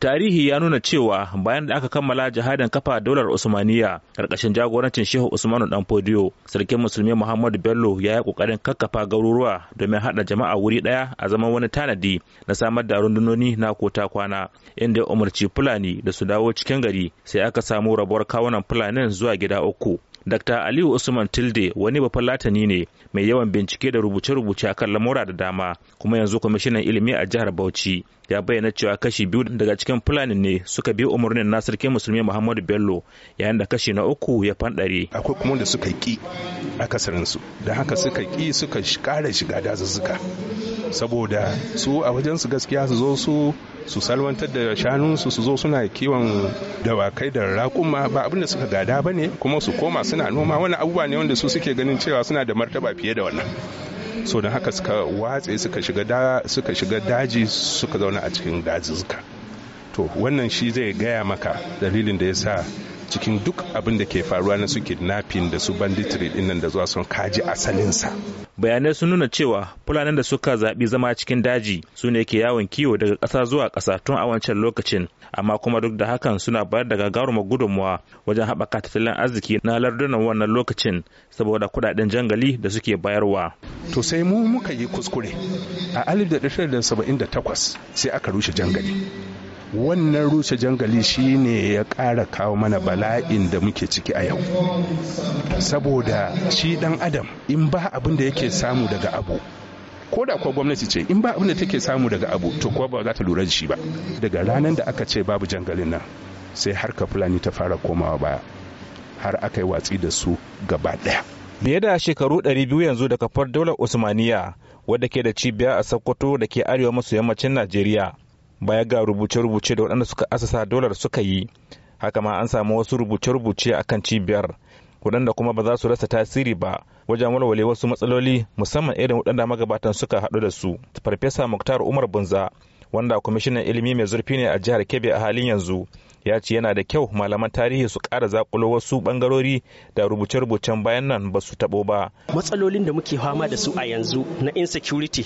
Tarihi ya nuna cewa bayan da aka kammala jihadin kafa daular Usmaniya karkashin jagorancin Shehu Usmanu Dan Fodiyo, sarkin musulmi Muhammadu Bello ya yi kokarin kakkafa garuruwa domin hada jama'a wuri daya a zaman wani tanadi na samar da rundunoni na kota kwana inda ya umarci Fulani da su dawo cikin gari sai aka samu rabuwar kawunan Fulanin zuwa gida uku Dr. Aliyu Usman Tilde wani bafalatani ne mai yawan bincike da rubuce-rubuce kan lamura da dama kuma yanzu kwamishinan ilimi a jihar Bauchi ya bayyana cewa kashi biyu daga cikin Fulani ne suka bi umarnin na sarki musulmi Muhammadu Bello yayin da kashi na uku ya fanɗare. Akwai kuma da suka ki akasarinsu da haka suka ki suka kara shiga dazuzzuka. saboda su a wajen su gaskiya su zo su su salwantar da shanunsu su zo suna kiwon dawakai da raƙuma ba abin da suka gada ba ne kuma su koma suna noma wani abubuwa ne wanda su suke ganin cewa suna da martaba fiye da wannan so don haka suka watse suka shiga daji suka zauna a cikin dajizuka to wannan shi zai gaya maka dalilin da ya sa cikin duk abin da ke faruwa na su kidnapping da su banditry din nan da zuwa sun kaji asalinsa. Bayanai sun nuna cewa fulanin da suka zaɓi zama cikin daji su ne ke yawon kiwo daga ƙasa zuwa ƙasa tun a wancan lokacin amma kuma duk da hakan suna bayar da gagarumar gudunmuwa wajen haɓaka tattalin arziki na lardunan wannan lokacin saboda kuɗaɗen jangali da suke bayarwa. To sai mu muka yi kuskure a 1978 sai aka rushe jangali. wannan rushe jangali shine ya ƙara kawo mana bala'in da muke ciki a yau saboda shi dan adam in ba abin da yake samu daga abu ko da kuwa gwamnati ce in ba abin da take samu daga abu to kuwa ba za ta lura da shi ba daga ranar da aka ce babu jangalin nan sai harka fulani ta fara komawa ba har aka yi watsi da su gaba daya fiye da shekaru 200 yanzu daga kafar daular usmaniya wadda ke da cibiya a sokoto da ke arewa maso yammacin najeriya baya ga rubuce-rubuce da waɗanda suka asasa dolar suka yi haka ma an samu wasu rubuce-rubuce a kan cibiyar waɗanda kuma ba za su rasa tasiri ba wajen walwale wasu matsaloli musamman irin waɗanda magabatan suka haɗu da su farfesa muktar umar bunza wanda kwamishinan ilimi mai zurfi ne a jihar kebe a halin yanzu ya ce yana da kyau malaman tarihi su kara zakulo wasu bangarori da rubuce-rubucen bayan nan ba su taɓo ba matsalolin da muke fama da su a yanzu na insecurity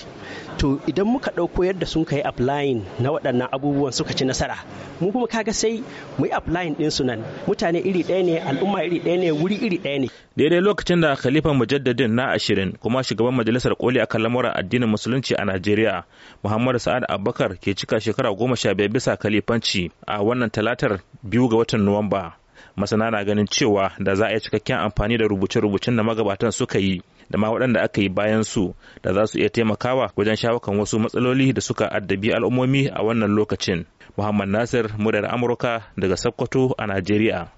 to idan muka ɗauko yadda sun kai applying na waɗannan abubuwan suka ci nasara mu kuma kaga sai mu yi applying ɗin su nan mutane iri ɗaya ne al'umma iri ɗaya ne wuri iri ɗaya ne daidai lokacin da khalifa mujaddadin na ashirin kuma shugaban majalisar koli a kan lamuran addinin musulunci a najeriya muhammadu sa'ad abubakar ke cika shekara goma sha biyar bisa kalifanci a wannan talatar ranar biyu ga watan nuwamba masana na ganin cewa da za a yi cikakken amfani da rubuce-rubucen da magabatan suka yi da ma waɗanda aka yi bayan su da za su iya taimakawa wajen shawakan wasu matsaloli da suka addabi al'ummomi a wannan lokacin muhammad nasir muryar amurka daga sokoto a najeriya